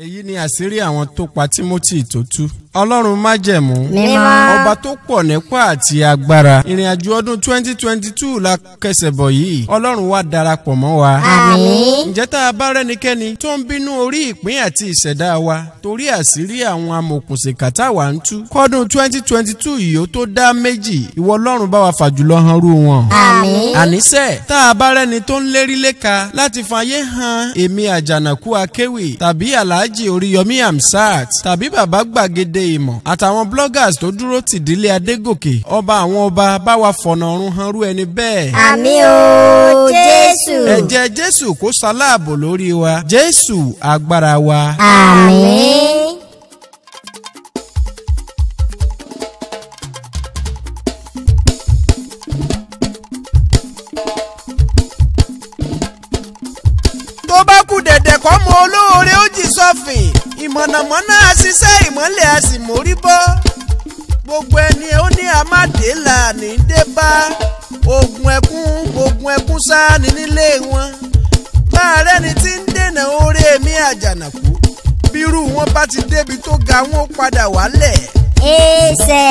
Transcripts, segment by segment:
èyí ni àṣírí àwọn tó pa Timothy tó tú. ọlọ́run májẹ̀mú ọba tó pọ̀ nípa àti agbára ìrìn àjò ọdún 2022 la kẹsẹ̀ bọ̀ yìí ọlọ́run wá darapọ̀ mọ́ wa. àmín. ǹjẹ́ tá a bá rẹ́nikẹ́ni tó ń bínú orí ìpín àti ìṣẹ̀dá wa torí àṣírí àwọn amòkùnṣìkà táwa ń tú kọ́dún 2022 yìí ó tó dá méjì ìwọ ọlọ́run bá wa fàjùlọ han rú wọn. àmín. àníṣe tá a bá rẹ́ni tó ń lérí léka láti fàyè han èmi àjànàkú akéwì alhaji oríyọmí hamsat tàbí bàbá gbàgede ìmọ̀ àtàwọn bloggers tó dúró tìdílé adégòkè ọba àwọn ọba bá wa fọ̀nà ọ̀run hanrú ẹni bẹ́ẹ̀. àmín o jésù. ẹ̀jẹ̀ jésù kó ṣaláàbò lórí wa jésù agbára wa. àmín. sọ̀fìn ìmọ̀nàmọ́ná a ṣiṣẹ́ ìmọ́lẹ̀ bọ́ gbogbo ẹni ó ní amáde là ní dé bá ogun ẹkún ogun ẹkún sáni nílé wọn bá a rẹ́ni ń dènà oore mi àjànàkú bírú wọn bá ti débi tó ga wọn padà wálẹ̀. ẹsẹ̀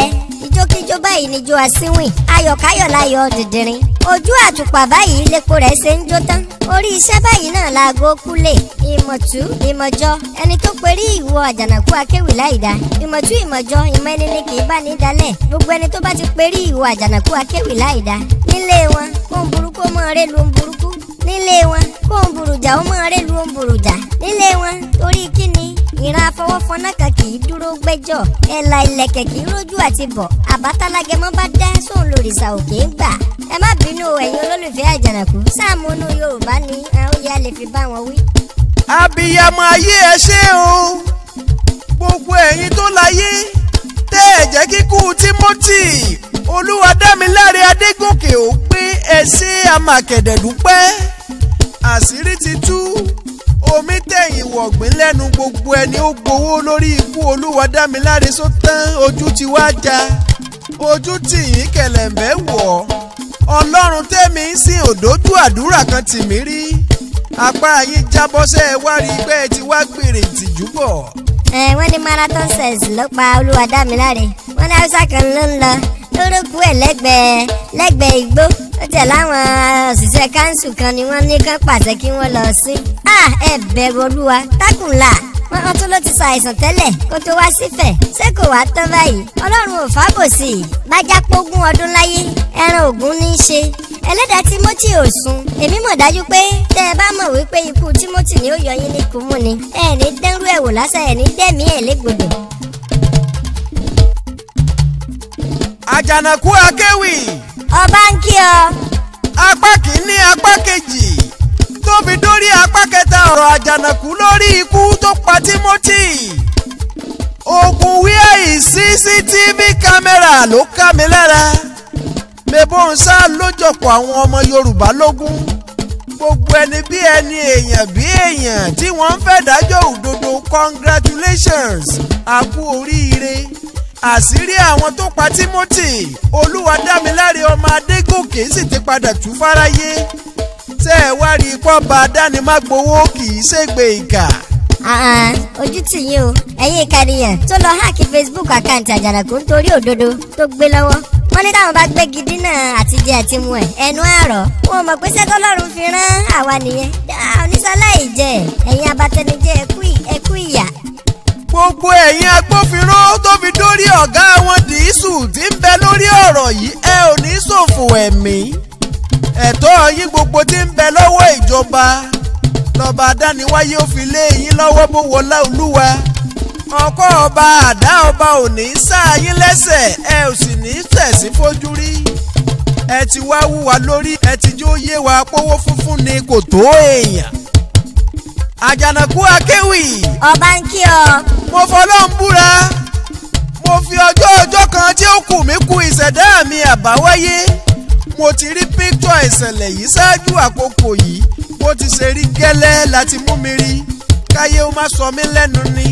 ijókíjó báyìí ni jo àsínwìn ayọ̀káyọ̀ láyọ̀ dìndìnrín ojú àtùpà báyìí lepo rẹ̀ ṣe ń jó tán orí iṣẹ́ báyìí náà laago kúlẹ̀ ìmọ̀tú ìmọ̀jọ ẹni tó perí ìwọ àjànàkú akéwì láìda ìmọ̀tú ìmọ̀jọ ìmọ̀ ẹni ni kì í bá ní dalẹ̀ gbogbo ẹni tó bá ti perí ìwọ àjànàkú akéwì láìda nílé wọn kó ń burúkú mọ́ ọ̀rẹ́ lu ń burúkú nílé wọn kó ń burújà ó mọ́ ọ̀rẹ́ lu ń burújà nílé wọn torí kíni ìran afọwọ́fọná kan kì í dúró gbẹ́jọ́ ẹ̀là ìlẹ̀kẹ̀ kì í rójú àti bọ̀ àbátalágẹ mọ́ bá dá sóun lòrìṣà òkè ń gbà ẹ má bínú ẹ̀yin olólùfẹ́ àjànàkú sáàmù inú yorùbá ni àwọn ìyá lè fi bá wọn wí. abiyamọ ayé ẹ ṣé o gbogbo ẹ̀yin tó láyé tẹ́ ẹ̀ jẹ́ kíkú timothy olúwadámiláre adégòkè ò pé ẹ ṣé àmàkẹ̀dẹ̀ àṣírí ti tú omi tẹ̀yìn wọ̀gbìn lẹ́nu gbogbo ẹni ó gbowó lórí ikú Olúwadámiláre sótán ojú ti wá já ojú tì yín kẹlẹ̀mbẹ́ wọ̀ ọlọ́run tẹ́mi ń sìn òdójú àdúrà kan tì mí rí apá yín jábọ́sẹ́ wá rí pé ẹ ti wá gbèrè ìtìjú bọ̀. ẹ wọ́n ní marathon cells ló pa Olúwadámiláre wọ́n ní haúsá kan ló ń lọ lórókù ẹ̀ lẹ́gbẹ̀ẹ́ lẹ́gbẹ̀ẹ́ igbó ó tẹ̀ láwọn òṣìṣẹ́ káńsù kan ni wọ́n ní kán pàṣẹ kí wọ́n lọ sí. a ẹ bẹ̀rù olúwa tákùnlà wọn tún ló ti ṣàìsàn tẹ́lẹ̀ kó tó wá sífẹ̀ ṣé kò wá tán báyìí ọlọ́run ò fábòsì bájápógún ọdún láyé ẹran ògún ní í ṣe ẹlẹ́dàá timothy ò sùn èmi mọ̀ dájú pé tẹ́ ẹ bá mọ̀ wípé ikú timothy ni ó yọ yín ní kùmù ni ẹ̀ ní dẹ́rú ẹ̀wò lásán ẹ̀ ní dẹ́mi ẹ̀ légbodò àjànàkú akéwì. ọba ń kí ọ. apá kìíní apá kejì tó fi dórí apá kẹta ọ̀rọ̀ àjànàkú lórí ikú tó pa Timothy. ogun wíyàì CCTV kámẹ́rà ló ká mi lára. mebonsa lójọpọ̀ àwọn ọmọ Yorùbá lógún. gbogbo ẹni bí ẹni èèyàn bí èèyàn tí wọ́n ń fẹ́ dájọ́ òdodo congratulations a kú oríire àṣírí àwọn tó pa Timothy Olúwadámiláre ọmọ Adégòkè sì ti padà tú fáráyé tẹ́ ẹ wá rí ipò ọba adánimágbowó kì í ṣègbè ìkà. ojú tì yín o ẹ̀yin ìkànnìyàn tó lọ háàkì Facebook account àjànàkú nítorí òdodo tó gbé lọ́wọ́ wọ́n ní táwọn bá gbé gidi náà àti jẹ àti mu ẹ̀ ẹnu àárọ̀ wọn ò mọ̀ pé sẹ́kọ́ lọ́rùn fi rán àwa nìyẹn oníṣẹ́ láì jẹ ẹ̀yin abatẹnijẹ ẹ̀kú ìyà gbogbo ẹ̀yin agbófinró tó fi dórí ọ̀gá wọn dìísù tí ń bẹ lórí ọ̀rọ̀ yìí ẹ ò ní ṣòfò ẹ̀mí ẹ̀tọ́ yín gbogbo tí ń bẹ lọ́wọ́ ìjọba lọ́ba adániwáyé ó fi lé yín lọ́wọ́ bó wọlá olúwa ọkọ ọba àdá ọba ò ní sá yín lẹ́sẹ̀ ẹ ò sì ní tẹ̀sí fojú rí ẹ ti wá wúwa lórí ẹ ti jó yé wa pówó funfun ni kò tó èèyàn àjànàkú akéwì. ọba ń kí ọ. mo fọlọ́n búra mo fi ọjọ́ ọjọ́ kan tí ó kù mí ku ìṣẹ̀dá mi àbáwáyé mo ti rí píktọ̀ ìṣẹ̀lẹ̀ yìí ṣáájú àkókò yìí bó ti ṣe rí gẹ́lẹ́ láti mú mi rí káyé ó má sọ mí lẹ́nu ni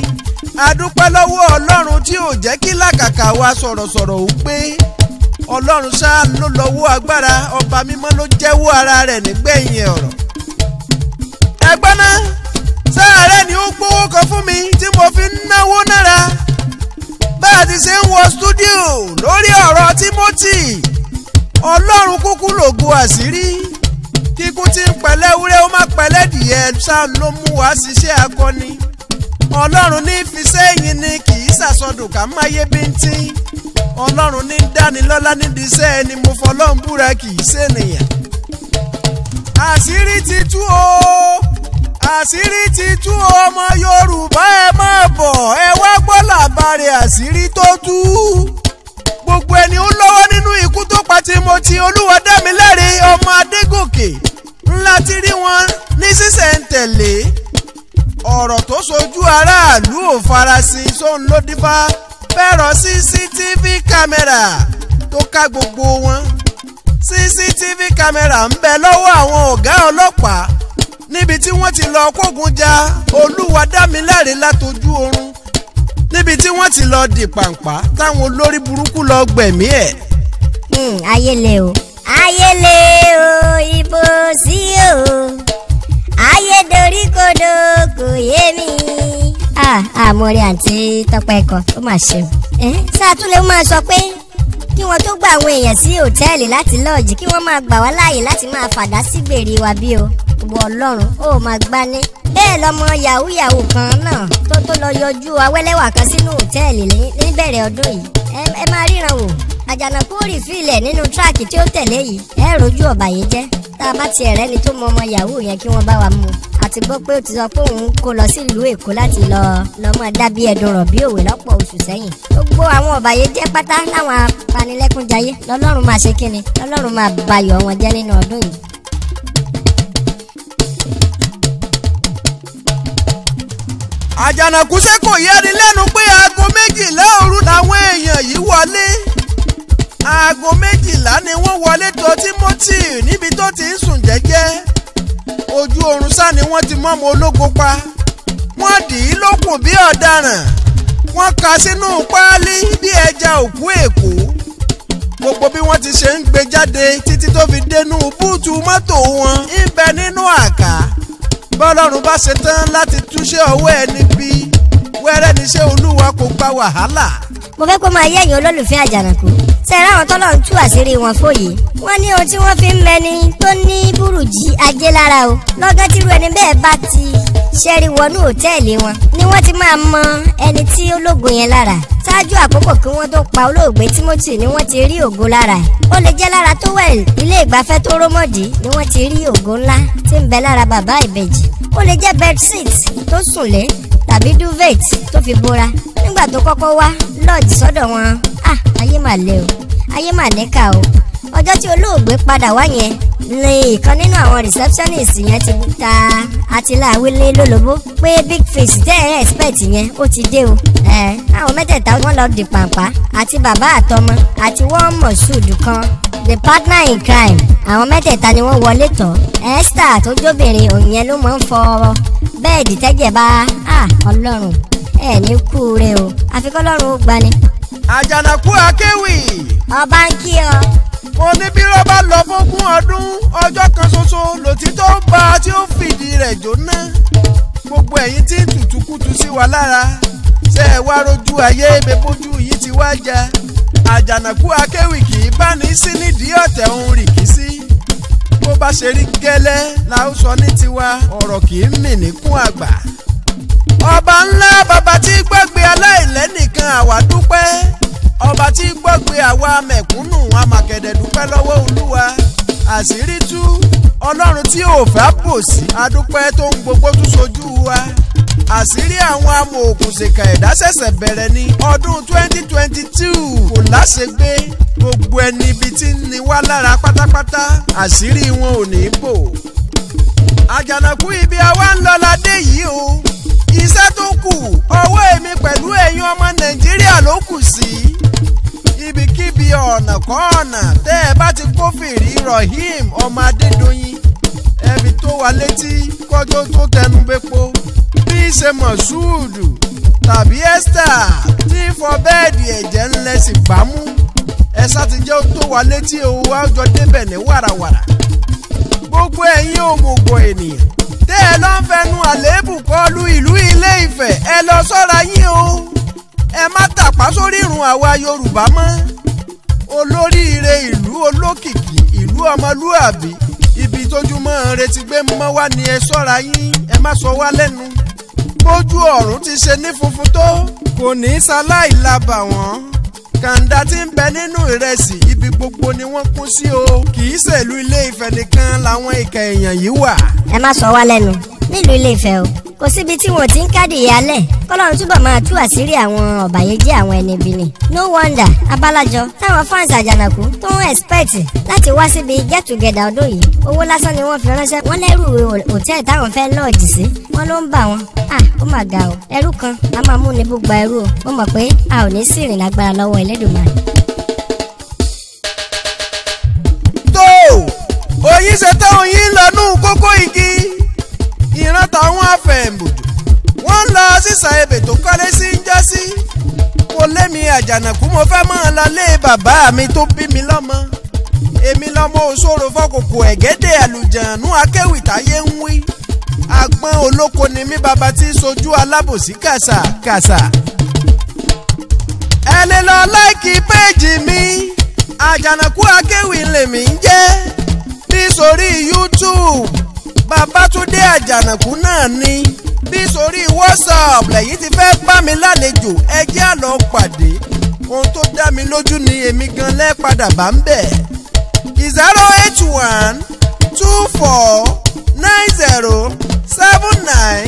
adúpẹ́ lọ́wọ́ ọlọ́run tí ò jẹ́ kí làkàkà wa sọ̀rọ̀sọ̀rọ̀ ó pé ọlọ́run ṣáà ló lọ́wọ́ agbára ọba mímọ́ ló jẹ́wọ́ ara rẹ̀ nígbẹ̀yìn ọ̀rọ̀ mo fi ń náwó nára bá a ti ṣe ń wọ stúdíò lórí ọ̀rọ̀ Timothy ọlọ́run kúkú lògo àṣírí kíkú tí ń pẹ̀lẹ́ wúrẹ́ ó má pẹ̀lẹ́ dìé sam ló mú wá ṣiṣẹ́ akọni ọlọ́run ní fi sẹ́yìn ni kì í ṣàsọdùn ká máyé bíntín ọlọ́run ní dánilọ́lá nídìí iṣẹ́ ẹni mo fọlọ́run búra kì í ṣènìyàn àṣírí ti tú o àṣírí ti tú ọmọ Yorùbá ẹ máa bọ̀ ẹ wá gbọ́ làbàrẹ̀ àṣírí tó tú gbogbo ẹni ó lọ́wọ́ nínú ikú tó pa Timothy Olúwadámiláre ọmọ Adégòkè ńlá ti rí wọn ní sísẹ̀ǹtẹ̀lé ọ̀rọ̀ tó sojú aráàlú ò farasin sóun ló dífá fẹ́rọ̀ CCTV kámẹ́rà tó ká gbogbo wọn CCTV kámẹ́rà ń bẹ lọ́wọ́ àwọn ọ̀gá ọlọ́pàá níbi tí wọ́n ti lọ kógun jà olúwa dá mi láre látojú oorun níbi tí wọ́n ti lọ di pàǹpá táwọn olórí burúkú lọ gbẹ̀mí ẹ̀. Hmm, ayé o ayele o ibo sí o ayé dorí kodò kò yé mi. Ah, àmọ́ rẹ̀ àǹtí tọpẹ́ ẹ̀kọ́ ó mà ṣe o. ṣáà tún lè máa sọ pé kí wọ́n tó gba àwọn èèyàn sí òtẹ́ẹ̀lì láti lọ́ọ̀jì kí wọ́n máa gbà wá láàyè láti máa fàdá sí gbèrè wa bí o wọ ọlọ́run ó máa gbá ní. bẹ́ẹ̀ lọmọ yahoo yahoo kan náà tó tó lọ yọjú awẹ́lẹ́wà kan sínú òtẹ́ẹ̀lì níbẹ̀rẹ̀ ọdún yìí ẹ máa ríran wò àjànàkú rí fílẹ̀ nínú tíráàkì tí ó tẹ̀lé yìí ẹ rojú ọ̀bàyéjẹ́ tá a bá tiẹ̀ rẹ́ni tó mọ ọmọ yahoo yẹn kí wọ́n bá wa mú un ti gbọ́ pé ó ti sọ pé òun kó lọ sílùú èkó láti lọ lọ mọ́ dábí ẹ̀dùn rọ̀ bí òwe lọ́pọ̀ oṣù sẹ́yìn. gbogbo àwọn ọ̀bàyé jẹ́ pátá láwọn apanilẹ́kúnjayé lọ́lọ́run máa ṣe kíni lọ́lọ́run máa bayọ̀ wọn jẹ́ nínú ọdún yìí. àjànàkú ṣe kò yẹni lẹ́nu pé aago méjìlá òru làwọn èèyàn yìí wọlé aago méjìlá ni wọ́n wọlé tó Timothy níbi tó ti ń sùn jẹ́jẹ́ ojú oorun sá ni wọ́n ti mọ́mọ ológo pa wọ́n dì í lókùn bí ọ̀daràn wọ́n ka sínú páálí bí ẹja òkú èkó gbogbo bí wọ́n ti ṣe ń gbé jáde títí tó fi dénú búùtù mọ́tò wọn ń bẹ nínú àká bọ́lọ́run bá ṣe tán láti túṣe ọwọ́ ẹni bí wẹ́rẹ́ níṣẹ́ olúwa kò gba wàhálà mo fẹ́ kó máa yé ẹ̀yin olólùfẹ́ àjànàkú ṣe é ráwọn tọ́lọ̀ ń tú àṣírí wọn fòye wọ́n ní ohun tí wọ́n fi ń mẹni tó ní búrùjí ajé lára o lọ́gán tírú ẹni bẹ́ẹ̀ bá ti ṣẹ́rí wọnú òtẹ́ẹ̀lì wọn ni wọ́n ti máa mọ ẹni tí ó lógo yẹn lára ṣáájú àkókò kí wọ́n tó pa olóògbé Timothy ni wọ́n ti rí ògo lára ẹ̀ ó lè jẹ́ lára tó wẹ̀ ilé ìgbafẹ́ tó rómọ̀dì ni wọ́n ti rí ògo ńlá tí ń bẹ lára bàbá ìbejì ó lè jẹ́ bedsheet tó sùn lé tàbí duvet tó fi bora nígbà tó kọ́kọ́ wá lọ́ọ̀dì sọ́dọ̀ wọn ah ayé mà le o ayé mà níkà o ọjọ́ tí olóògbé padà wá yẹn ni ìkan nínú àwọn receptionist yẹn ti ta atiláwílé lólobó pé big face tẹ́ ẹ expect yẹn ó ti dé o ẹ àwọn mẹ́tẹ̀ẹ̀ta wọ́n lọ di pàǹpá àti bàbá àtọmọ àti wọ́n mọ̀ṣúùd kan the partner in crime àwọn mẹ́tẹ̀ẹ̀ta ni wọ́n wọlé tọ̀ Esther tó jóbìnrin òun yẹn ló máa ń fọ bẹ́ẹ̀dì tẹ́jẹ̀ bá ah, ọlọ́run ẹ ní kú rẹ o àfi kọ́lọ́run ó gbani. àjànàkú akéwì. ọba ń kí ọ. mo ní bí rọ́bà lọ fógún ọdún ọjọ́ kan ṣoṣo lòtítọ́ ń bá a tí ó fìdí rẹ̀ jóná gbogbo ẹ̀yin tí ń tùtùkùtù sí wa lára ṣe é wá rojú ayé ebè bójú yìí ti wá jà àjànàkú akéwì kì í bá ní sí nídìí ọ̀tẹ̀ òun rì kì í sí bó bá ṣe rí gẹ́lẹ́ la ó sọ ní tiwa ọ̀rọ̀ kì í mì níkún àgbà ọba ńlá bàbá tí gbàgbé aláìlẹ́nìkan àwa dúpẹ́ ọba tí gbàgbé àwa mẹ̀kúnnù amàkẹ̀dẹ̀ dúpẹ́ lọ́wọ́ olúwa àṣírí tú ọlọ́run tí ò fẹ́ bò sí adúpẹ́ tó ń gbogbo tún sojú wa àṣírí àwọn amòòkùn ṣèkà ẹ̀dá ṣẹ̀ṣẹ̀ bẹ̀rẹ̀ ní ọdún twenty twenty two kò láṣegbé gbogbo ẹni ibi tí ń ni wá lára pátápátá àṣírí wọn ò ní bò àjànàkú ibi àwa ń lọ ẹ̀kọ́ ọ̀nà tẹ́ ẹ bá ti kófìrí Rahim ọmọ Adédoyin ẹbí tó wà létí kọjọ́ tó tẹnu bẹ́pọ̀ bí ṣe Moshood tàbí Esther tí fọbẹ́ẹ̀dì ẹ̀jẹ̀ ńlẹ̀ sì gbámú ẹ sátijọ́ tó wà létí owó àjọ débẹ̀ ní wàràwàrà gbogbo ẹ̀yin òmùgọ̀ ènìyàn tẹ́ ẹ lọ́ ń fẹnu àléébù kọlu ìlú Ilé Ifẹ̀ ẹ lọ sọ́ra yín o ẹ má tàpá sórí ìrùn àwa Yorùbá mọ́ olóríire ìlú olókìkí ìlú ọmọlúàbí ibi tójúmọ́ retí gbé mọ́ wá ni ẹ ṣọ́ra yín ẹ má sọ wá lẹ́nu bójú ọ̀run ti ṣe ní funfun tó kò ní í ṣaláìlábà wọ́n kàńdá tí ń bẹ nínú ìrẹsì ibi ibi gbogbo ni wọ́n kún sí o kì í ṣèlú ilé Ifẹ̀ nìkan làwọn ìkà èèyàn yìí wà. ẹ má sọ wá lẹ́nu nílùú ilé Ifẹ̀ o kò síbi tí wọn ti ń kádìyà alẹ́ kọ́lọ́run túbọ̀ máa tú àṣírí àwọn ọ̀bàyéjẹ́ àwọn ẹni ibi ni. no wonder abalajọ táwọn fans àjànàkú tó ń expect láti wá síbi get together ọdún yìí owó lásán ni wọ́n fi ránṣẹ́ wọ́n lẹ́rù hòtẹ́ẹ̀lì táwọn fẹ́ lọ́ọ̀jì sí wọ́n ló ń bà wọ́n ah ó mà ga o ẹrú kan a máa mú ní gbogbo ẹrú o mo mọ̀ pé a ò ní sí ìrìn lágbára lọ́wọ́ Ẹlẹ́dùmarè. yín ṣe tóun yín lọ́nù kókó igi ìran táwọn afẹ̀m̀bòjò wọ́n ń lọ sísan ebè tó kọ́lé sí ń jọ́sí kò lémi àjànàkú mo fẹ́ mọ́ ọ lọlé bàbá mi tó bí mi lọ́mọ èmi lọ́mọ òṣòro fọkòkò ẹ̀gẹ́dẹ̀ àlùjànnú akéwì táyé ń wí àgbọn olóko ni mí bàbá tí sojú alábòsí kàṣàkàṣà ẹ lè lọ láìkí péèjì mi àjànàkú akéwì lèmi ń jẹ́ bí sórí YouTube Babátúndé Àjànàkú náà ni bí sórí WhatsApp lẹ́yìn tí fẹ́ bá mi lálejò ẹ jẹ́ á lọ pàdé ohun tó dá mi lójú ni èmi gan lẹ́ bá ń bẹ̀. zero eight one two four nine zero seven nine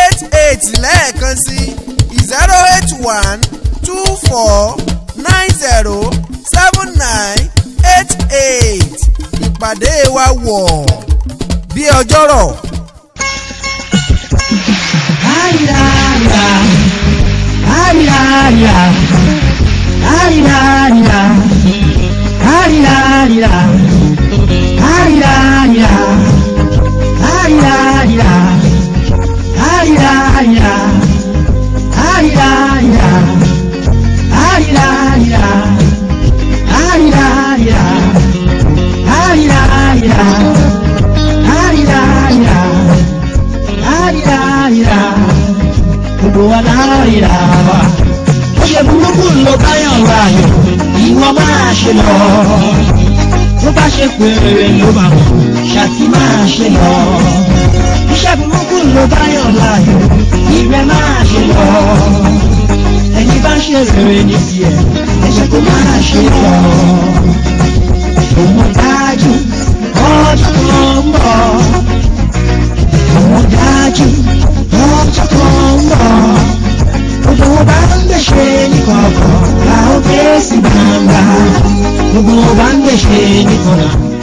eight eight lẹ́ẹ̀kan sí zero eight one two four nine zero seven nine ìpàdé wa wọ̀ bí ọjọ́rọ̀. àríyànjá àríyànjá àríyànjá àríyànjá àríyànjá àríyànjá ríra wa. Ó ṣe burúkú ló báyàn ra ayọ̀, ìwọ máa ṣe lọ. Tó bá ṣe pé ló máa wọ̀, ṣàtì máa ṣe lọ. Iṣẹ́ burúkú ló báyàn ra ayọ̀, ìrẹ máa ṣe lọ. Ẹni bá ṣe rere ní tiẹ̀, ẹ̀ṣẹ̀ kó máa ṣe lọ. Òun dájú, ọjọ́ kan ń bọ̀. کار کن در بنده بندم کنم.